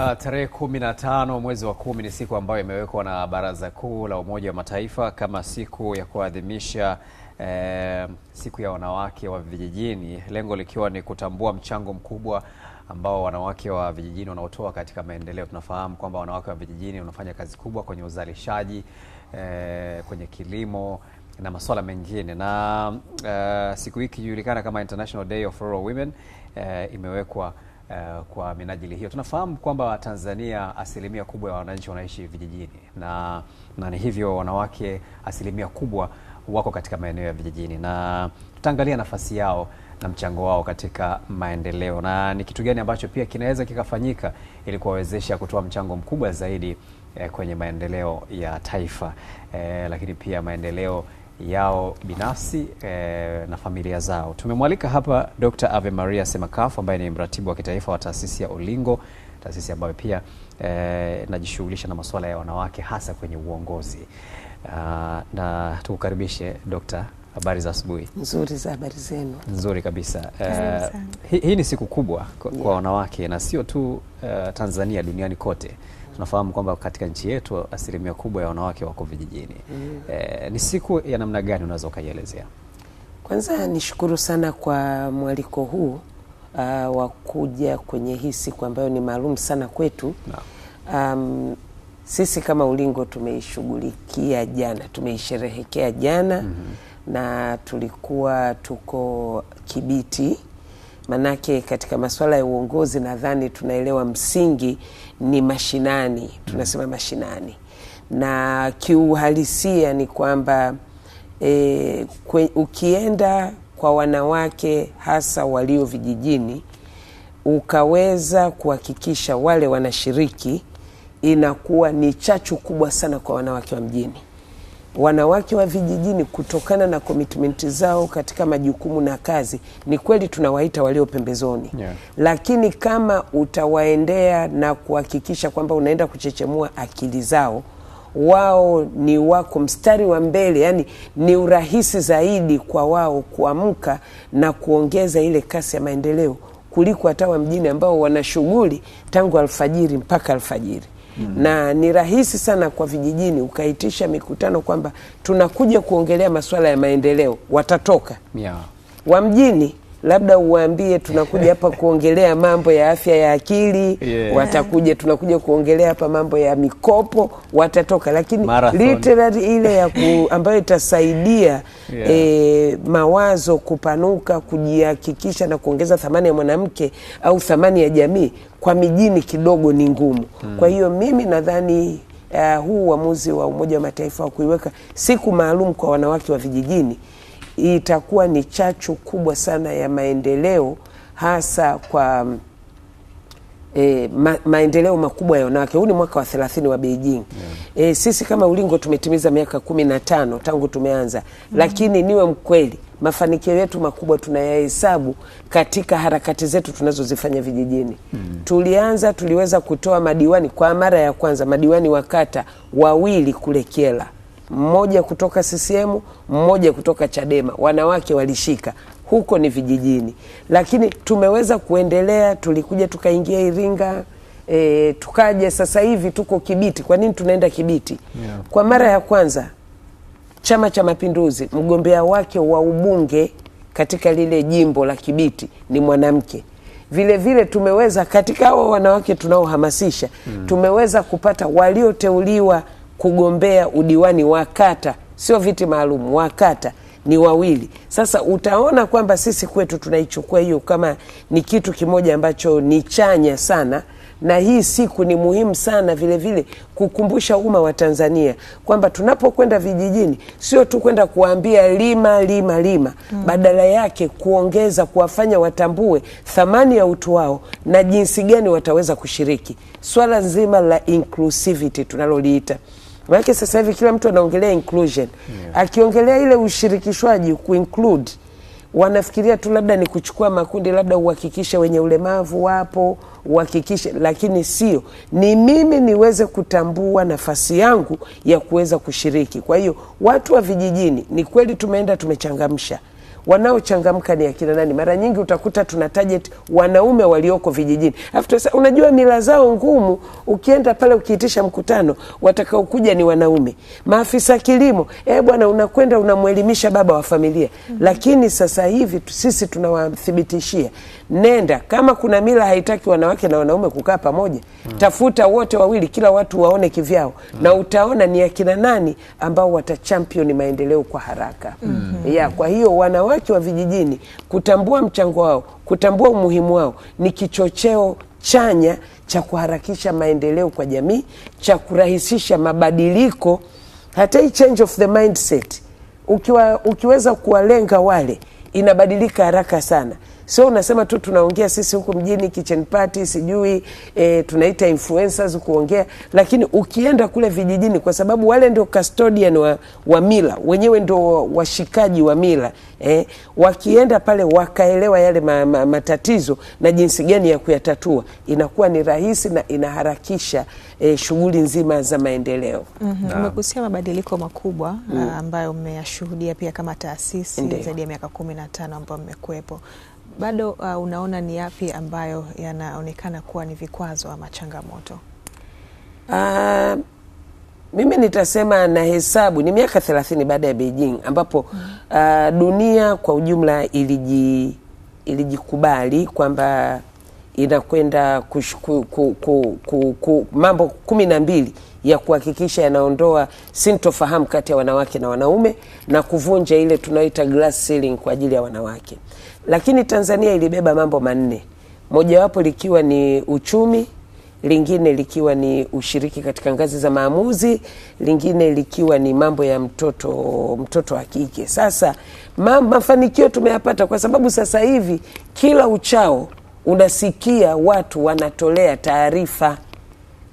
Uh, tarehe kumi na tano mwezi wa kumi ni siku ambayo imewekwa na Baraza Kuu la Umoja wa Mataifa kama siku ya kuadhimisha eh, siku ya wanawake wa vijijini, lengo likiwa ni kutambua mchango mkubwa ambao wanawake wa vijijini wanaotoa katika maendeleo. Tunafahamu kwamba wanawake wa vijijini wanafanya kazi kubwa kwenye uzalishaji eh, kwenye kilimo na masuala mengine na uh, siku hii ikijulikana kama International Day of Rural Women eh, imewekwa Uh, kwa minajili hiyo tunafahamu kwamba Tanzania asilimia kubwa ya wananchi wanaishi vijijini na, na ni hivyo wanawake asilimia kubwa wako katika maeneo ya vijijini, na tutaangalia nafasi yao na mchango wao katika maendeleo na ni kitu gani ambacho pia kinaweza kikafanyika ili kuwawezesha kutoa mchango mkubwa zaidi eh, kwenye maendeleo ya taifa eh, lakini pia maendeleo yao binafsi eh, na familia zao. Tumemwalika hapa Dr. Ave Maria Semakafu ambaye ni mratibu wa kitaifa wa taasisi ya Ulingo, taasisi ambayo pia eh, inajishughulisha eh, na masuala ya wanawake hasa kwenye uongozi. Uh, na tukukaribishe Dr. Habari za asubuhi. Nzuri za habari zenu. Nzuri kabisa. Uh, hii hi ni siku kubwa kwa, yeah, kwa wanawake na sio tu uh, Tanzania, duniani kote tunafahamu kwamba katika nchi yetu asilimia kubwa ya wanawake wako vijijini mm. E, ni siku ya namna gani unaweza ukaielezea? Kwanza nishukuru sana kwa mwaliko huu uh, wa kuja kwenye hii siku ambayo ni maalum sana kwetu no. Um, sisi kama Ulingo tumeishughulikia jana, tumeisherehekea jana mm -hmm. na tulikuwa tuko Kibiti Manake katika masuala ya uongozi nadhani tunaelewa msingi ni mashinani, tunasema mashinani, na kiuhalisia ni kwamba e, kwe, ukienda kwa wanawake hasa walio vijijini ukaweza kuhakikisha wale wanashiriki, inakuwa ni chachu kubwa sana kwa wanawake wa mjini wanawake wa vijijini kutokana na commitment zao katika majukumu na kazi, ni kweli tunawaita walio pembezoni yeah. Lakini kama utawaendea na kuhakikisha kwamba unaenda kuchechemua akili zao, wao ni wako mstari wa mbele, yani ni urahisi zaidi kwa wao kuamka na kuongeza ile kasi ya maendeleo kuliko hata wa mjini ambao wana shughuli tangu alfajiri mpaka alfajiri. Mm. na ni rahisi sana kwa vijijini ukaitisha mikutano kwamba tunakuja kuongelea masuala ya maendeleo, watatoka yeah. wa mjini labda uwaambie tunakuja hapa kuongelea mambo ya afya ya akili yeah. Watakuja, tunakuja kuongelea hapa mambo ya mikopo, watatoka lakini Marathon. literary ile ya ku, ambayo itasaidia yeah. E, mawazo kupanuka, kujihakikisha na kuongeza thamani ya mwanamke au thamani ya jamii kwa mijini kidogo ni ngumu hmm. Kwa hiyo mimi nadhani uh, huu uamuzi wa Umoja wa Mataifa wa kuiweka siku maalum kwa wanawake wa vijijini itakuwa ni chachu kubwa sana ya maendeleo hasa kwa E, ma, maendeleo makubwa ya wanawake. Huu ni mwaka wa 30 wa Beijing yeah. E, sisi kama Ulingo tumetimiza miaka kumi na tano tangu tumeanza mm. Lakini niwe mkweli, mafanikio yetu makubwa tunayahesabu katika harakati zetu tunazozifanya vijijini mm. Tulianza, tuliweza kutoa madiwani kwa mara ya kwanza, madiwani wa kata wawili kule Kyela mmoja kutoka CCM, mmoja kutoka Chadema, wanawake walishika huko ni vijijini, lakini tumeweza kuendelea. Tulikuja tukaingia Iringa e, tukaja sasa hivi tuko Kibiti. Kwa nini tunaenda Kibiti? Yeah. Kwa mara ya kwanza Chama cha Mapinduzi mgombea wake wa ubunge katika lile jimbo la Kibiti ni mwanamke. Vile vile tumeweza katika hao wanawake tunaohamasisha, mm. tumeweza kupata walioteuliwa kugombea udiwani wa kata, sio viti maalum, wa kata ni wawili. Sasa utaona kwamba sisi kwetu tunaichukua hiyo kama ni kitu kimoja ambacho ni chanya sana, na hii siku ni muhimu sana vilevile vile kukumbusha umma wa Tanzania kwamba tunapokwenda vijijini sio tu kwenda kuambia lima lima lima mm. Badala yake kuongeza, kuwafanya watambue thamani ya utu wao na jinsi gani wataweza kushiriki swala nzima la inclusivity tunaloliita Maanake sasa hivi kila mtu anaongelea inclusion yeah. Akiongelea ile ushirikishwaji kuinclude, wanafikiria tu labda ni kuchukua makundi, labda uhakikishe wenye ulemavu wapo, uhakikishe, lakini sio, ni mimi niweze kutambua nafasi yangu ya kuweza kushiriki. Kwa hiyo watu wa vijijini, ni kweli tumeenda tumechangamsha wanaochangamka ni akina nani? Mara nyingi utakuta tuna target wanaume walioko vijijini, alafu unajua mila zao ngumu. Ukienda pale ukiitisha mkutano, watakaokuja ni wanaume, maafisa kilimo. Eh bwana, unakwenda unamwelimisha baba wa familia mm -hmm. Lakini sasa hivi sisi tunawathibitishia, nenda kama kuna mila haitaki wanawake na wanaume kukaa pamoja mm -hmm. Tafuta wote wawili, kila watu waone kivyao mm -hmm. na utaona ni akina nani ambao watachampion maendeleo kwa haraka mm -hmm. ya kwa hiyo wanawake wanawake wa vijijini kutambua mchango wao, kutambua umuhimu wao ni kichocheo chanya cha kuharakisha maendeleo kwa jamii, cha kurahisisha mabadiliko, hata hii change of the mindset ukiwa, ukiweza kuwalenga wale inabadilika haraka sana. Sio unasema tu tunaongea sisi huku mjini kitchen party, sijui e, tunaita influencers kuongea, lakini ukienda kule vijijini, kwa sababu wale ndio custodian wa, wa mila wenyewe ndio washikaji wa mila eh, wakienda pale wakaelewa yale ma, ma, matatizo na jinsi gani ya kuyatatua, inakuwa ni rahisi na inaharakisha e, shughuli nzima za maendeleo. Mhm. Umegusia mm -hmm. mabadiliko makubwa mm. Ah, ambayo mmeyashuhudia pia kama taasisi zaidi ya miaka kumi na tano ambayo mmekuwepo bado, uh, unaona ni yapi ambayo yanaonekana kuwa ni vikwazo ama changamoto? Uh, mimi nitasema na hesabu ni miaka thelathini baada ya Beijing ambapo uh, dunia kwa ujumla iliji ilijikubali kwamba inakwenda ku, ku, ku, ku, mambo kumi na mbili ya kuhakikisha yanaondoa sintofahamu kati ya wanawake na wanaume na kuvunja ile tunaoita glass ceiling kwa ajili ya wanawake. Lakini Tanzania ilibeba mambo manne, mojawapo likiwa ni uchumi, lingine likiwa ni ushiriki katika ngazi za maamuzi, lingine likiwa ni mambo ya mtoto mtoto wa kike. Sasa ma, mafanikio tumeyapata kwa sababu sasa hivi kila uchao unasikia watu wanatolea taarifa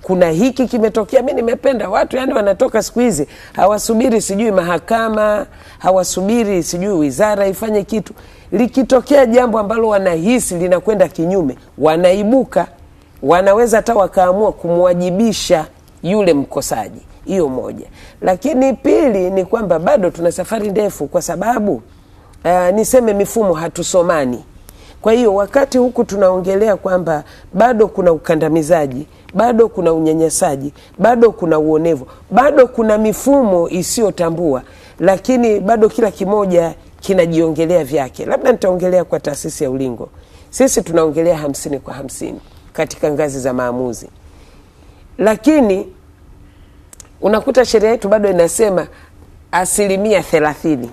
kuna hiki kimetokea. Mi nimependa watu yani wanatoka siku hizi hawasubiri sijui mahakama, hawasubiri sijui wizara ifanye kitu. Likitokea jambo ambalo wanahisi linakwenda kinyume, wanaibuka, wanaweza hata wakaamua kumwajibisha yule mkosaji. Hiyo moja, lakini pili ni kwamba bado tuna safari ndefu, kwa sababu uh, niseme mifumo hatusomani kwa hiyo wakati huku tunaongelea kwamba bado kuna ukandamizaji, bado kuna unyanyasaji, bado kuna uonevu, bado kuna mifumo isiyotambua, lakini bado kila kimoja kinajiongelea vyake. Labda nitaongelea kwa taasisi ya Ulingo, sisi tunaongelea hamsini kwa hamsini katika ngazi za maamuzi, lakini unakuta sheria yetu bado inasema asilimia thelathini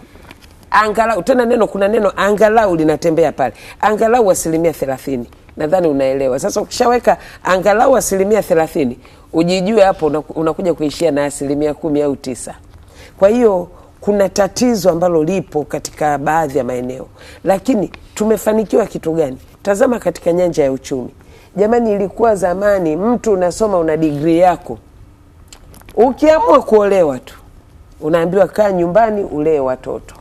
angalau tena neno, kuna neno angalau linatembea pale, angalau asilimia thelathini. Nadhani unaelewa. Sasa ukishaweka angalau asilimia thelathini, ujijue hapo unakuja kuishia na asilimia kumi au tisa. Kwa hiyo kuna tatizo ambalo lipo katika baadhi ya maeneo, lakini tumefanikiwa kitu gani? Tazama katika nyanja ya uchumi, jamani, ilikuwa zamani mtu unasoma una digrii yako, ukiamua kuolewa tu unaambiwa kaa nyumbani ulee watoto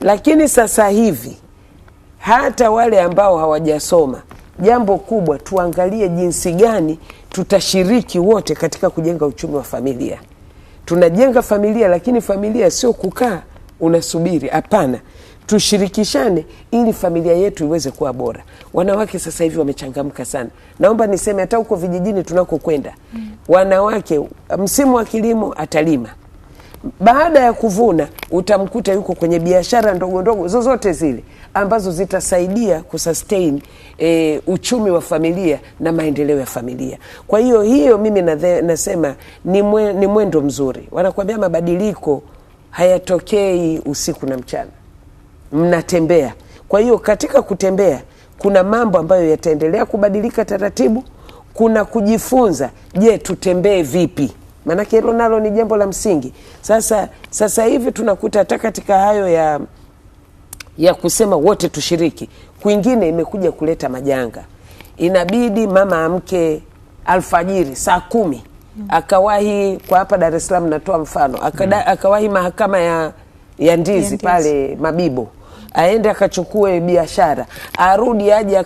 lakini sasa hivi hata wale ambao hawajasoma, jambo kubwa tuangalie jinsi gani tutashiriki wote katika kujenga uchumi wa familia. Tunajenga familia, lakini familia sio kukaa unasubiri. Hapana, tushirikishane ili familia yetu iweze kuwa bora. Wanawake sasa hivi wamechangamka sana. Naomba niseme hata huko vijijini tunakokwenda, mm. wanawake msimu wa kilimo atalima baada ya kuvuna utamkuta yuko kwenye biashara ndogo ndogo zozote zile ambazo zitasaidia kusustain e, uchumi wa familia na maendeleo ya familia. Kwa hiyo hiyo mimi nathe, nasema ni, mwe, ni mwendo mzuri. Wanakuambia mabadiliko hayatokei usiku na mchana, mnatembea. Kwa hiyo katika kutembea kuna mambo ambayo yataendelea kubadilika taratibu, kuna kujifunza. Je, tutembee vipi? maanake hilo nalo ni jambo la msingi. Sasa sasa hivi tunakuta hata katika hayo ya ya kusema wote tushiriki, kwingine imekuja kuleta majanga. Inabidi mama amke alfajiri saa kumi akawahi kwa hapa Dar es Salaam, natoa mfano akada, mm. akawahi mahakama ya, ya ndizi, ya ndizi pale Mabibo aende akachukue biashara, arudi aje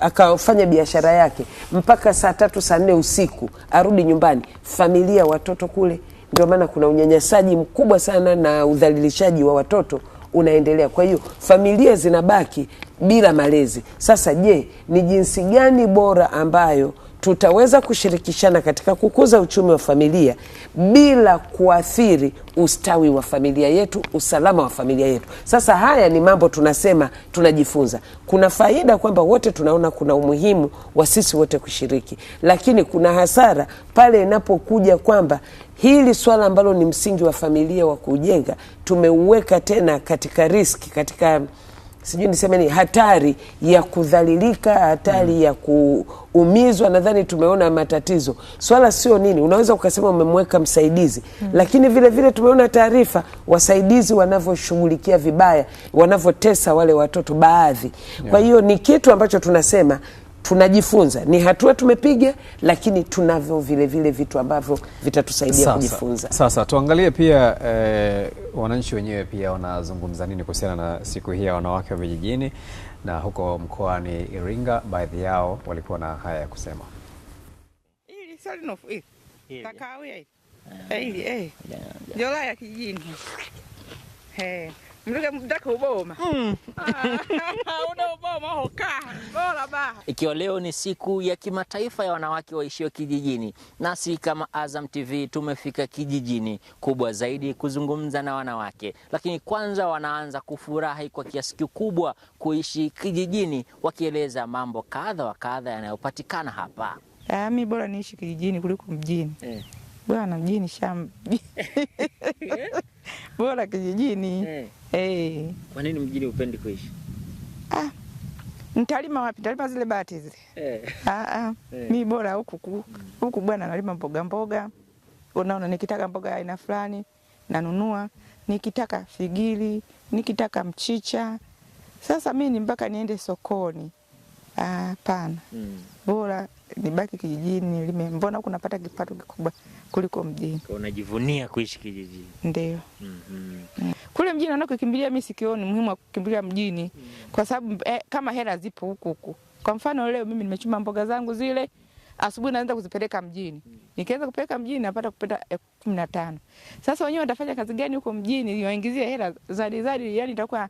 akafanya biashara yake mpaka saa tatu saa nne usiku, arudi nyumbani, familia, watoto kule. Ndio maana kuna unyanyasaji mkubwa sana na udhalilishaji wa watoto unaendelea. Kwa hiyo familia zinabaki bila malezi. Sasa je, ni jinsi gani bora ambayo tutaweza kushirikishana katika kukuza uchumi wa familia bila kuathiri ustawi wa familia yetu, usalama wa familia yetu. Sasa haya ni mambo tunasema tunajifunza. Kuna faida kwamba wote tunaona kuna umuhimu wa sisi wote kushiriki, lakini kuna hasara pale inapokuja kwamba hili swala ambalo ni msingi wa familia wa kujenga tumeuweka tena katika riski, katika sijui niseme ni hatari ya kudhalilika, hatari mm. ya kuumizwa. Nadhani tumeona matatizo, swala sio nini, unaweza ukasema umemweka msaidizi mm. lakini vile vile tumeona taarifa wasaidizi wanavyoshughulikia vibaya, wanavyotesa wale watoto baadhi yeah. Kwa hiyo ni kitu ambacho tunasema tunajifunza, ni hatua tumepiga, lakini tunavyo vile vile vitu ambavyo vitatusaidia kujifunza. Sasa tuangalie pia eh, wananchi wenyewe pia wanazungumza nini kuhusiana na siku hii ya wanawake wa vijijini, na huko mkoani Iringa baadhi yao walikuwa na haya ya kusema. Takawia. Hey, hey. kijini. Ikiwa leo ni siku ya kimataifa ya wanawake waishio kijijini, nasi kama Azam TV tumefika kijijini kubwa zaidi kuzungumza na wanawake, lakini kwanza wanaanza kufurahi kwa kiasi kikubwa kuishi kijijini, wakieleza mambo kadha wa kadha yanayopatikana hapa. Ah, mi bora niishi kijijini kuliko mjini eh. Bwana mjini shamba eh? bora kijijini eh. Eh. Kwa nini mjini upendi kuishi? Ah, nitalima wapi? Nitalima zile bati zile eh. Ah, ah. Eh. Mi bora huku huku bwana, nalima mboga mboga, unaona, nikitaka mboga aina fulani nanunua, nikitaka figili, nikitaka mchicha. Sasa mimi ni mpaka niende sokoni Hapana. Mm. Bora nibaki kijijini nilime. Mbona huku napata kipato kikubwa kuliko mjini. unajivunia kuishi kijijini. Ndio. Mm -hmm. Mm. Kule mjini naona kukimbilia mimi sikioni muhimu wa kukimbilia mjini mm. Kwa sababu eh, kama hela zipo huku huku. Kwa mfano leo mimi nimechuma mboga zangu zile asubuhi naanza kuzipeleka mjini. Mm. Nikianza kupeleka mjini napata kupenda elfu kumi na tano. Sasa wenyewe watafanya kazi gani huko mjini niwaingizie hela zadi zadi? yani itakuwa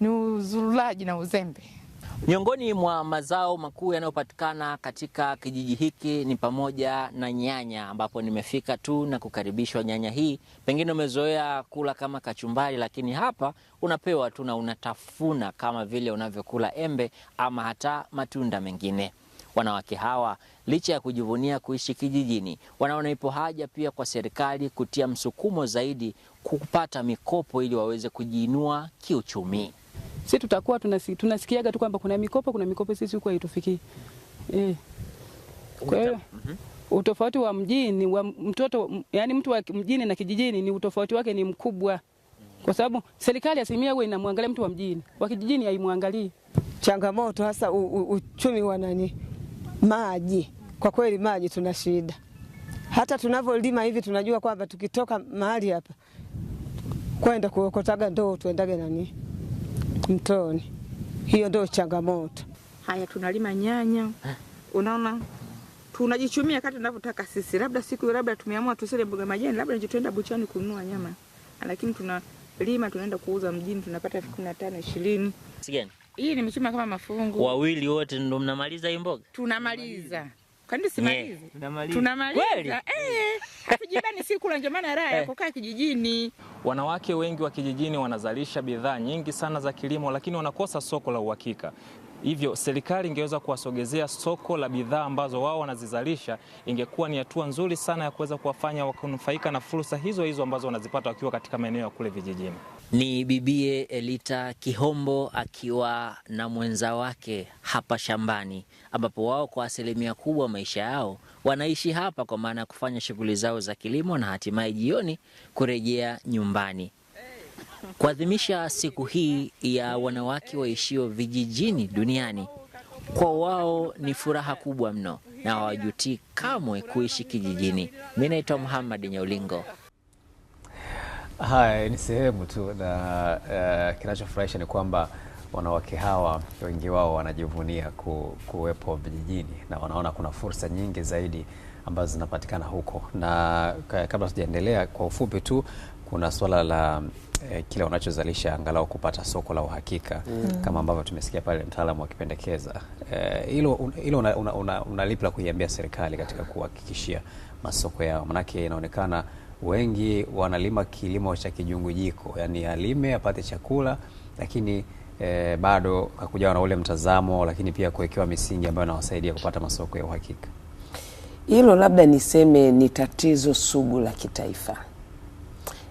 ni uzurulaji na uzembe. Miongoni mwa mazao makuu yanayopatikana katika kijiji hiki ni pamoja na nyanya, ambapo nimefika tu na kukaribishwa nyanya hii. Pengine umezoea kula kama kachumbari, lakini hapa unapewa tu na unatafuna kama vile unavyokula embe ama hata matunda mengine. Wanawake hawa licha ya kujivunia kuishi kijijini, wanaona ipo haja pia kwa serikali kutia msukumo zaidi kupata mikopo ili waweze kujiinua kiuchumi. Sisi tutakuwa tunasi, tunasikiaga tu kwamba kuna mikopo, kuna mikopo, sisi huko haitufikii eh. Kwa hiyo utofauti wa mjini wa mtoto yani mtu wa mjini na kijijini ni utofauti wake ni mkubwa, kwa sababu serikali asilimia huwa inamwangalia mtu wa mjini, wa kijijini haimwangalii. Changamoto hasa u, u, uchumi wa nani, maji. Kwa kweli maji tuna shida, hata tunavyolima hivi tunajua kwamba tukitoka mahali hapa kwenda kuokotaga ndoo tuendage nani mtoni. Hiyo ndio changamoto. Haya, tunalima nyanya, eh? unaona tunajichumia kati tunavyotaka sisi. Labda siku labda tumeamua tusile mboga majani, labda nje tuenda buchani kununua nyama, lakini tunalima tunaenda kuuza mjini, tunapata elfu kumi na tano ishirini. Hii nimechuma kama mafungu wawili, wote ndo mnamaliza hii mboga? Tunamaliza Kwani eh, simalizi? Tunamaliza. Eh, vijibani si kula njomana raha ya eh. kukaa kijijini. Wanawake wengi wa kijijini wanazalisha bidhaa nyingi sana za kilimo lakini wanakosa soko la uhakika. Hivyo serikali ingeweza kuwasogezea soko la bidhaa ambazo wao wanazizalisha, ingekuwa ni hatua nzuri sana ya kuweza kuwafanya wakunufaika na fursa hizo hizo ambazo wanazipata wakiwa katika maeneo ya kule vijijini. Ni bibie Elita Kihombo akiwa na mwenza wake hapa shambani, ambapo wao kwa asilimia kubwa maisha yao wanaishi hapa, kwa maana ya kufanya shughuli zao za kilimo na hatimaye jioni kurejea nyumbani. Kuadhimisha siku hii ya wanawake waishio vijijini duniani, kwa wao ni furaha kubwa mno na hawajutii kamwe kuishi kijijini. Mi naitwa Muhammad Nyaulingo. Haya ni sehemu tu, na uh, kinachofurahisha ni kwamba wanawake hawa wengi wao wanajivunia ku, kuwepo vijijini na wanaona kuna fursa nyingi zaidi ambazo zinapatikana huko. Na kabla sijaendelea kwa ufupi tu, kuna swala la eh, kile unachozalisha angalau kupata soko la uhakika mm. Kama ambavyo tumesikia pale mtaalamu akipendekeza hilo eh, hilo unalipi una, una, una la kuiambia serikali katika kuhakikishia masoko yao, manake inaonekana wengi wanalima kilimo cha kijungujiko, yani alime apate chakula, lakini e, bado hakujawa na ule mtazamo, lakini pia kuwekewa misingi ambayo inawasaidia kupata masoko ya uhakika. Hilo labda niseme ni tatizo sugu la kitaifa.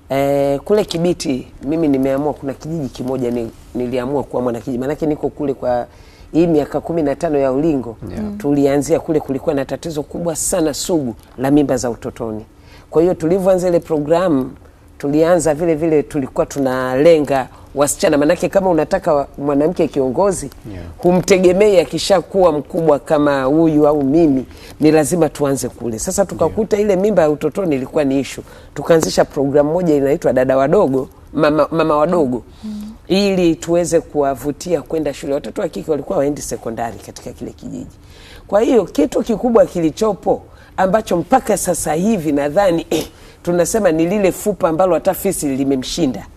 E, kule Kibiti mimi nimeamua, kuna kijiji kimoja ni, niliamua kuwa mwanakijiji, maanake niko kule kwa hii miaka kumi na tano ya ulingo yeah. Tulianzia kule, kulikuwa na tatizo kubwa sana sugu la mimba za utotoni. Kwa hiyo tulivyoanza ile programu tulianza vile vile, tulikuwa tunalenga wasichana, manake kama unataka mwanamke kiongozi yeah. humtegemei akishakuwa mkubwa kama huyu au mimi, ni lazima tuanze kule. Sasa tukakuta yeah. ile mimba ya utotoni ilikuwa ni ishu, tukaanzisha programu moja inaitwa dada wadogo, mama, mama wadogo mm ili tuweze kuwavutia kwenda shule. Watoto wa kike walikuwa waendi sekondari katika kile kijiji. Kwa hiyo kitu kikubwa kilichopo ambacho mpaka sasa hivi nadhani eh, tunasema ni lile fupa ambalo hata fisi limemshinda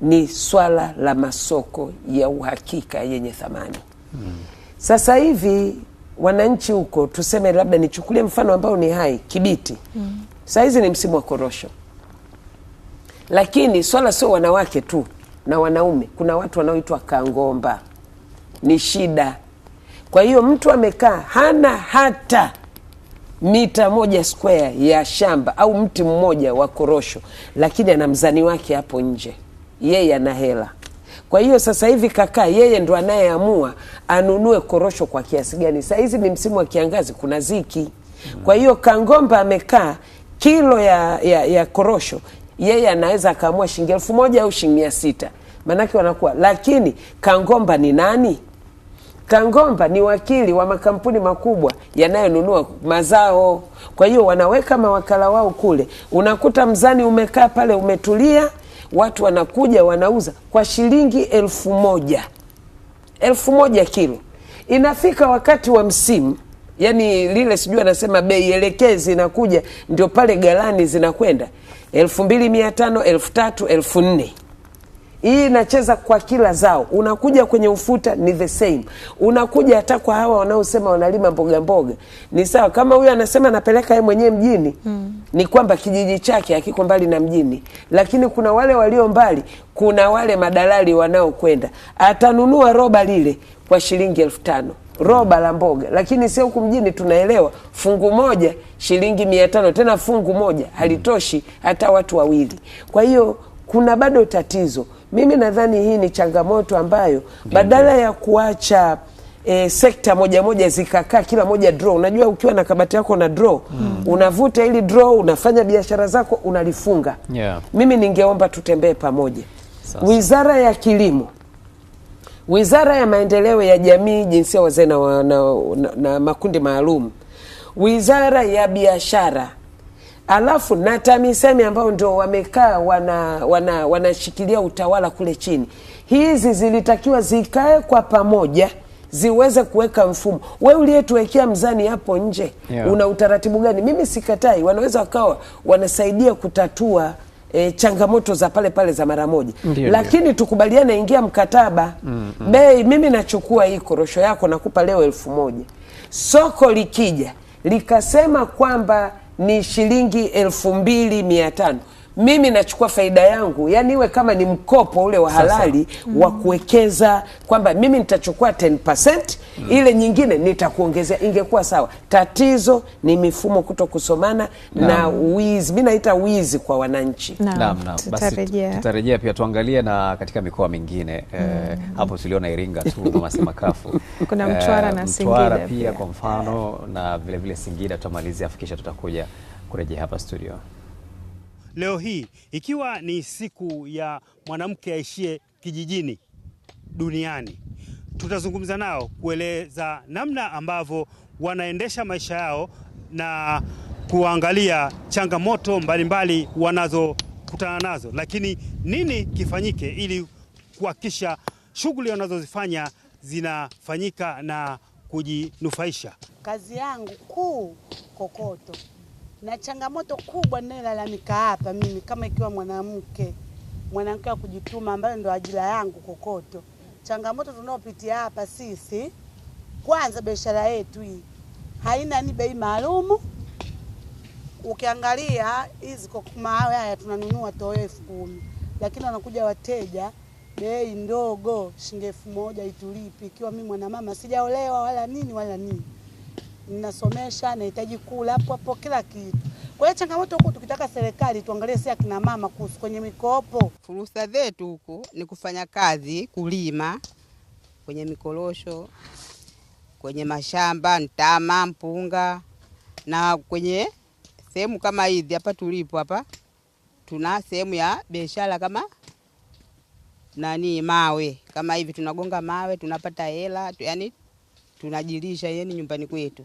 ni swala la masoko ya uhakika yenye thamani mm. Sasa hivi wananchi huko, tuseme labda nichukulie mfano ambao ni hai Kibiti mm. Saa hizi ni msimu wa korosho, lakini swala sio wanawake tu na wanaume, kuna watu wanaoitwa kangomba, ni shida. Kwa hiyo mtu amekaa hana hata mita moja square ya shamba au mti mmoja wa korosho, lakini ana mzani wake hapo nje, yeye ana hela. Kwa hiyo sasa hivi kaka, yeye ndo anayeamua anunue korosho kwa kiasi gani. Saa hizi ni msimu wa kiangazi, kuna ziki. Kwa hiyo Kangomba amekaa kilo ya, ya, ya korosho, yeye anaweza akaamua shilingi elfu moja au shilingi mia sita, maanake wanakuwa. Lakini Kangomba ni nani? kangomba ni wakili wa makampuni makubwa yanayonunua mazao, kwa hiyo wanaweka mawakala wao kule. Unakuta mzani umekaa pale umetulia, watu wanakuja wanauza kwa shilingi elfu moja elfu moja kilo. Inafika wakati wa msimu, yani lile sijui anasema bei elekezi inakuja, ndio pale galani zinakwenda elfu mbili mia tano elfu tatu elfu nne hii inacheza kwa kila zao. Unakuja kwenye ufuta ni the same, unakuja hata kwa hawa wanaosema wanalima mboga mboga ni sawa. Kama huyu anasema napeleka yeye mwenyewe mjini mm, ni kwamba kijiji chake hakiko mbali na mjini, lakini kuna wale walio mbali, kuna wale madalali wanaokwenda, atanunua roba lile kwa shilingi elfu tano roba la mboga, lakini sio huku mjini. Tunaelewa fungu moja shilingi mia tano, tena fungu moja halitoshi hata watu wawili. Kwa hiyo kuna bado tatizo. Mimi nadhani hii ni changamoto ambayo badala ya kuacha E, sekta moja moja zikakaa kila moja draw. Unajua, ukiwa na kabati yako na draw mm. unavuta ili draw, unafanya biashara zako unalifunga. yeah. Mimi ningeomba tutembee pamoja sasa. Wizara ya Kilimo, Wizara ya Maendeleo ya Jamii, Jinsia, Wazee na, na, na makundi maalum, Wizara ya Biashara alafu na TAMISEMI ambao ndio wamekaa wanashikilia wana, wana utawala kule chini, hizi zilitakiwa zikae kwa pamoja ziweze kuweka mfumo. We uliyetuwekea mzani hapo nje yeah. una utaratibu gani? Mimi sikatai, wanaweza wakawa wanasaidia kutatua E, changamoto za pale pale za mara moja, lakini tukubaliane, ingia mkataba mm, mm. Bei, mimi nachukua hii korosho yako nakupa leo elfu moja. Soko likija likasema kwamba ni shilingi elfu mbili mia tano mimi nachukua faida yangu, yani iwe kama ni mkopo ule wa halali mm. wa kuwekeza, kwamba mimi nitachukua 10% mm. ile nyingine nitakuongezea, ingekuwa sawa. Tatizo ni mifumo kuto kusomana na, na wizi, mi naita wizi kwa wananchi. Tutarejea tutarejea pia tuangalie na katika mikoa mingine eh, mm. eh, hapo tuliona Iringa tu mama kafu kuna eh, Mtwara eh, na Singida pia, pia kwa mfano na vilevile Singida, tutamalizia afikisha tutakuja kurejea hapa studio leo hii ikiwa ni siku ya mwanamke aishie kijijini duniani, tutazungumza nao kueleza namna ambavyo wanaendesha maisha yao na kuangalia changamoto mbalimbali wanazokutana nazo, lakini nini kifanyike ili kuhakikisha shughuli wanazozifanya zinafanyika na kujinufaisha. Kazi yangu kuu kokoto na changamoto kubwa ninayolalamika hapa mimi kama ikiwa mwanamke mwanamke wa kujituma ambayo ndo ajira yangu kokoto, changamoto tunayopitia hapa sisi, kwanza biashara yetu hii haina ni bei maalumu. Ukiangalia hizi mawe haya tunanunua toyo elfu kumi lakini wanakuja wateja bei ndogo, shilingi elfu moja itulipi, ikiwa mimi mwanamama sijaolewa wala nini wala nini ninasomesha, nahitaji kula hapo hapo kila kitu. Kwa hiyo changamoto huko, tukitaka serikali tuangalie sisi akina mama kuhusu kwenye mikopo. Fursa zetu huku ni kufanya kazi, kulima kwenye mikorosho, kwenye mashamba, mtama, mpunga na kwenye sehemu kama hizi hapa tulipo hapa, tuna sehemu ya biashara kama nani mawe kama hivi, tunagonga mawe tunapata hela, yani tunajilisha yani nyumbani kwetu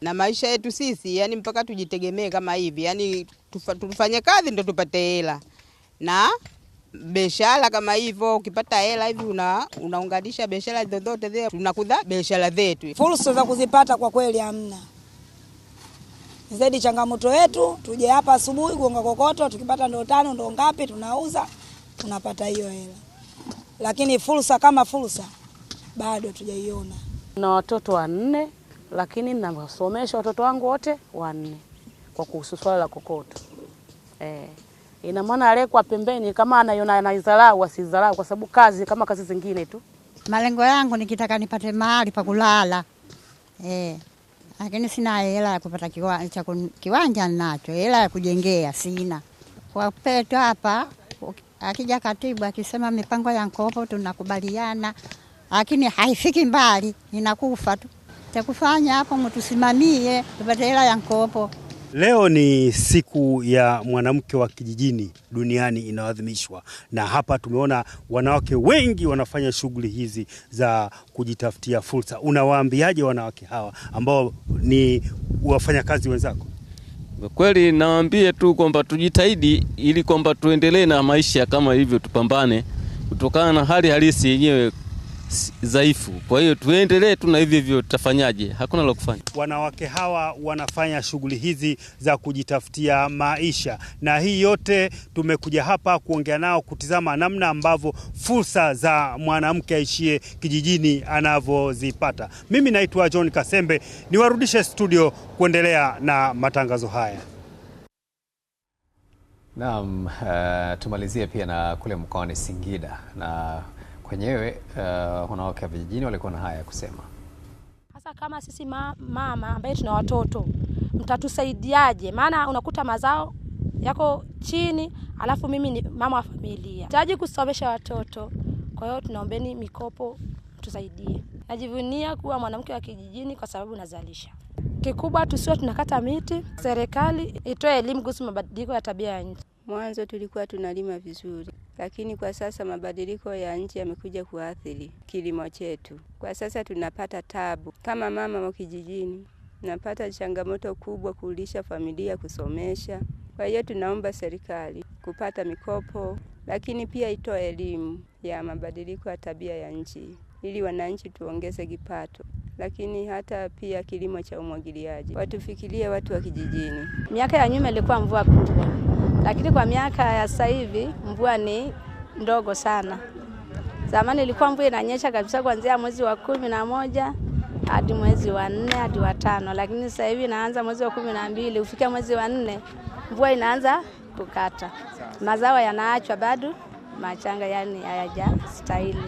na maisha yetu sisi, yani mpaka tujitegemee kama hivi, yani tufanye kazi ndo tupate hela na biashara kama hivyo. Ukipata hela hivi una, unaunganisha biashara zozote zile, tunakuza biashara zetu. Fursa za kuzipata kwa kweli hamna zaidi. Changamoto yetu tuje hapa asubuhi kuonga kokoto, tukipata ndo tano ndo ngapi tunauza, tunapata hiyo hela, lakini fursa kama fursa bado tujaiona na watoto wanne, lakini nawasomesha watoto wangu wote wanne kwa kuhusu swala la kokoto eh. Ina maana aliyekuwa pembeni kama anaiona anaidharau, asidharau kwa sababu kazi kama kazi zingine tu. Malengo yangu nikitaka nipate mahali pa kulala eh, lakini sina hela ya kupata kiwanja. Kiwanja ninacho, hela ya kujengea sina. Kwa peto hapa, akija katibu akisema mipango ya mkopo tunakubaliana lakini haifiki mbali, ninakufa tu. Cha kufanya hapo, mtusimamie tupate hela ya mkopo. Leo ni siku ya mwanamke wa kijijini duniani inaadhimishwa, na hapa tumeona wanawake wengi wanafanya shughuli hizi za kujitafutia fursa. Unawaambiaje wanawake hawa ambao ni wafanyakazi wenzako? kweli nawaambie tu kwamba tujitahidi, ili kwamba tuendelee na maisha kama hivyo, tupambane kutokana na hali halisi yenyewe dhaifu. Kwa hiyo tuendelee tu na hivyo hivyo, tutafanyaje? Hakuna la kufanya. Wanawake hawa wanafanya shughuli hizi za kujitafutia maisha, na hii yote tumekuja hapa kuongea nao, kutizama namna ambavyo fursa za mwanamke aishie kijijini anavyozipata. Mimi naitwa John Kasembe, niwarudishe studio kuendelea na matangazo haya. Naam, uh, tumalizie pia na kule mkoani Singida na kwenyewe uh, wanawake wa vijijini walikuwa na haya ya kusema. Hasa kama sisi ma, mama ambaye tuna watoto mtatusaidiaje? Maana unakuta mazao yako chini, alafu mimi ni mama wa familia, taji kusomesha watoto. Kwa hiyo tunaombeni mikopo, tusaidie. Najivunia kuwa mwanamke wa kijijini kwa sababu nazalisha. Kikubwa tusiwe tunakata miti, serikali itoe elimu kuhusu mabadiliko ya tabia ya nchi. Mwanzo tulikuwa tunalima vizuri, lakini kwa sasa mabadiliko ya nchi yamekuja kuathiri kilimo chetu. Kwa sasa tunapata tabu kama mama wa kijijini, napata changamoto kubwa kulisha familia, kusomesha. Kwa hiyo tunaomba serikali kupata mikopo, lakini pia itoe elimu ya mabadiliko ya tabia ya nchi ili wananchi tuongeze kipato lakini hata pia kilimo cha umwagiliaji. Watufikirie watu wa kijijini. Miaka ya nyuma ilikuwa mvua kubwa, lakini kwa miaka ya sasa hivi mvua ni ndogo sana. Zamani ilikuwa mvua inanyesha kabisa kuanzia mwezi wa kumi na moja hadi mwezi wa nne hadi wa tano, lakini sasa hivi inaanza mwezi wa kumi na mbili ufikia mwezi wa nne mvua inaanza kukata, mazao yanaachwa bado machanga, yani hayajastahili.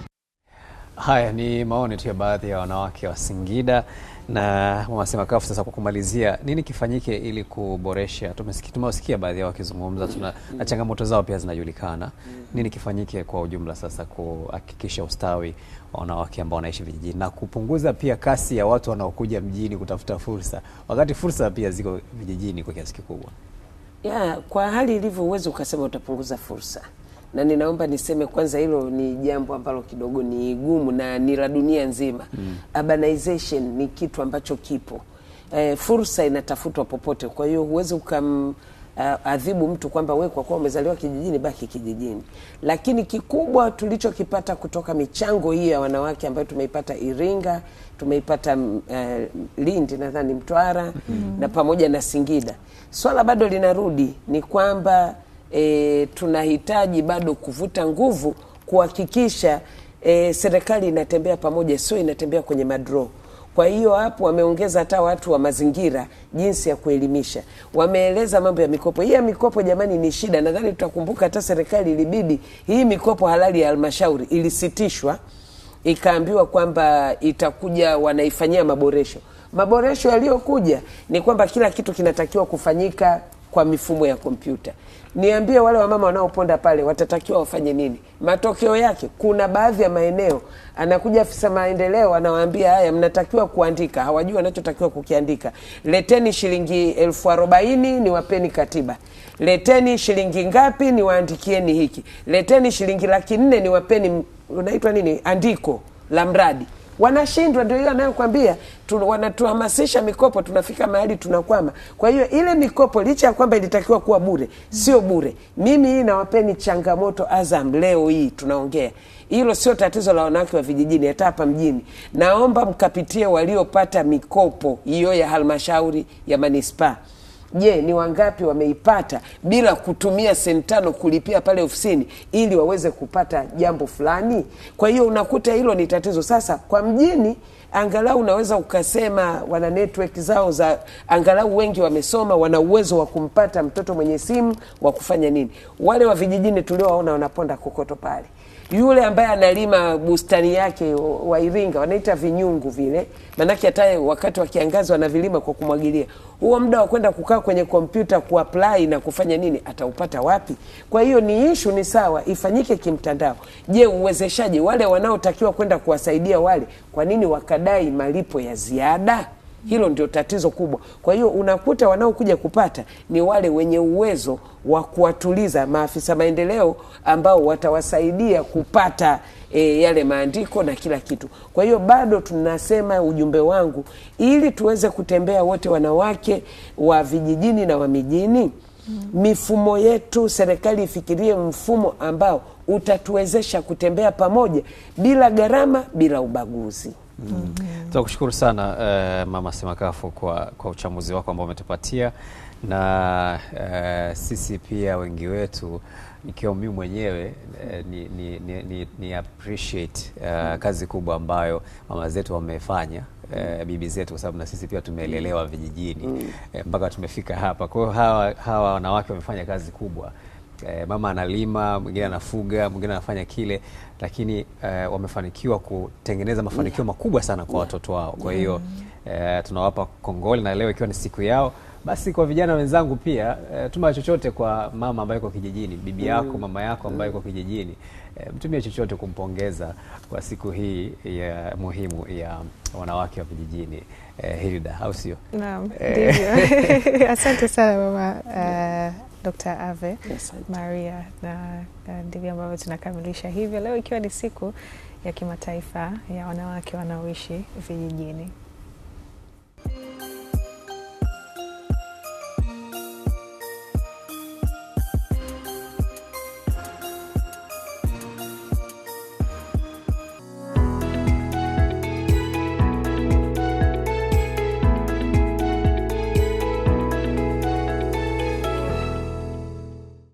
Haya ni maoni tu ya baadhi ya wanawake wa Singida na wamesema kafu. Sasa kwa kumalizia, nini kifanyike ili kuboresha? Tumewasikia baadhi yao wakizungumza na, na changamoto zao pia zinajulikana. Nini kifanyike kwa ujumla sasa kuhakikisha ustawi wa wanawake ambao wanaishi vijijini na kupunguza pia kasi ya watu wanaokuja mjini kutafuta fursa, wakati fursa pia ziko vijijini kwa kiasi kikubwa? Ya, kwa hali ilivyo, uwezo ukasema utapunguza fursa na ninaomba niseme kwanza, hilo ni jambo ambalo kidogo ni gumu na ni la dunia nzima mm. Urbanization ni kitu ambacho kipo e, fursa inatafutwa popote. Kwa hiyo huwezi ukam eh, adhibu mtu kwamba we kwa kuwa umezaliwa kijijini baki kijijini. Lakini kikubwa tulichokipata kutoka michango hii ya wanawake ambayo tumeipata Iringa, tumeipata uh, Lindi nadhani Mtwara mm -hmm. na pamoja na Singida, swala bado linarudi ni kwamba e, tunahitaji bado kuvuta nguvu kuhakikisha e, serikali inatembea pamoja, sio inatembea kwenye madro. Kwa hiyo hapo wameongeza hata watu wa mazingira, jinsi ya kuelimisha, wameeleza mambo ya mikopo hii. Ya mikopo jamani, ni shida. Nadhani tutakumbuka hata serikali ilibidi hii mikopo halali ya halmashauri ilisitishwa, ikaambiwa kwamba itakuja, wanaifanyia maboresho. Maboresho yaliyokuja ni kwamba kila kitu kinatakiwa kufanyika kwa mifumo ya kompyuta. Niambie wale wamama wanaoponda pale watatakiwa wafanye nini? Matokeo yake kuna baadhi ya maeneo anakuja afisa maendeleo anawaambia, haya mnatakiwa kuandika, hawajui wanachotakiwa kukiandika. Leteni shilingi elfu arobaini niwapeni katiba, leteni shilingi ngapi niwaandikieni hiki, leteni shilingi laki nne niwapeni unaitwa nini, andiko la mradi wanashindwa. Ndio hiyo anayokwambia, wanatuhamasisha mikopo, tunafika mahali tunakwama. Kwa hiyo ile mikopo licha ya kwamba ilitakiwa kuwa bure, sio bure. Mimi hii nawapeni changamoto Azam, leo hii tunaongea hilo sio tatizo la wanawake wa vijijini, hata hapa mjini. Naomba mkapitie waliopata mikopo hiyo ya halmashauri ya manispaa Je, ni wangapi wameipata bila kutumia sentano kulipia pale ofisini ili waweze kupata jambo fulani? Kwa hiyo unakuta hilo ni tatizo. Sasa kwa mjini angalau unaweza ukasema wana network zao za angalau wengi wamesoma, wana uwezo wa kumpata mtoto mwenye simu wa kufanya nini. Wale wa vijijini tuliowaona wanaponda kokoto pale yule ambaye analima bustani yake wa Iringa wanaita vinyungu vile, maanake hata wakati wa kiangazi wanavilima kwa kumwagilia. Huo muda wa kwenda kukaa kwenye kompyuta kuapply na kufanya nini ataupata wapi? Kwa hiyo ni ishu, ni sawa, ifanyike kimtandao. Je, uwezeshaji wale wanaotakiwa kwenda kuwasaidia wale, kwa nini wakadai malipo ya ziada? Hilo ndio tatizo kubwa. Kwa hiyo unakuta wanaokuja kupata ni wale wenye uwezo wa kuwatuliza maafisa maendeleo ambao watawasaidia kupata e, yale maandiko na kila kitu. Kwa hiyo bado tunasema, ujumbe wangu ili tuweze kutembea wote wanawake wa vijijini na wa mijini mifumo yetu, serikali ifikirie mfumo ambao utatuwezesha kutembea pamoja bila gharama, bila ubaguzi. Mm. kushukuru sana uh, Mama Semakafu kwa, kwa uchambuzi wako ambao umetupatia na uh, sisi pia wengi wetu nikiwa mimi mwenyewe ni, ni, ni, ni, ni appreciate uh, kazi kubwa ambayo mama zetu wamefanya uh, bibi zetu, kwa sababu na sisi pia tumeelelewa vijijini mpaka tumefika hapa. Kwa hiyo hawa, hawa wanawake wamefanya kazi kubwa e, mama analima, mwingine anafuga, mwingine anafanya kile, lakini e, wamefanikiwa kutengeneza mafanikio yeah. makubwa sana kwa watoto wao. Kwa hiyo yeah. Mm. e, tunawapa kongole na leo ikiwa ni siku yao basi kwa vijana wenzangu pia e, eh, tuma chochote kwa mama ambaye yuko kijijini, bibi mm. yako, mama yako ambaye yuko mm. kijijini e, eh, mtumie chochote kumpongeza kwa siku hii ya muhimu ya wanawake wa vijijini e, Hilda, au sio? Naam, ndivyo. Asante sana mama uh, Dr. Ave yes, Maria na ndivyo ambavyo tunakamilisha hivyo leo ikiwa ni siku ya kimataifa ya wanawake wanaoishi vijijini.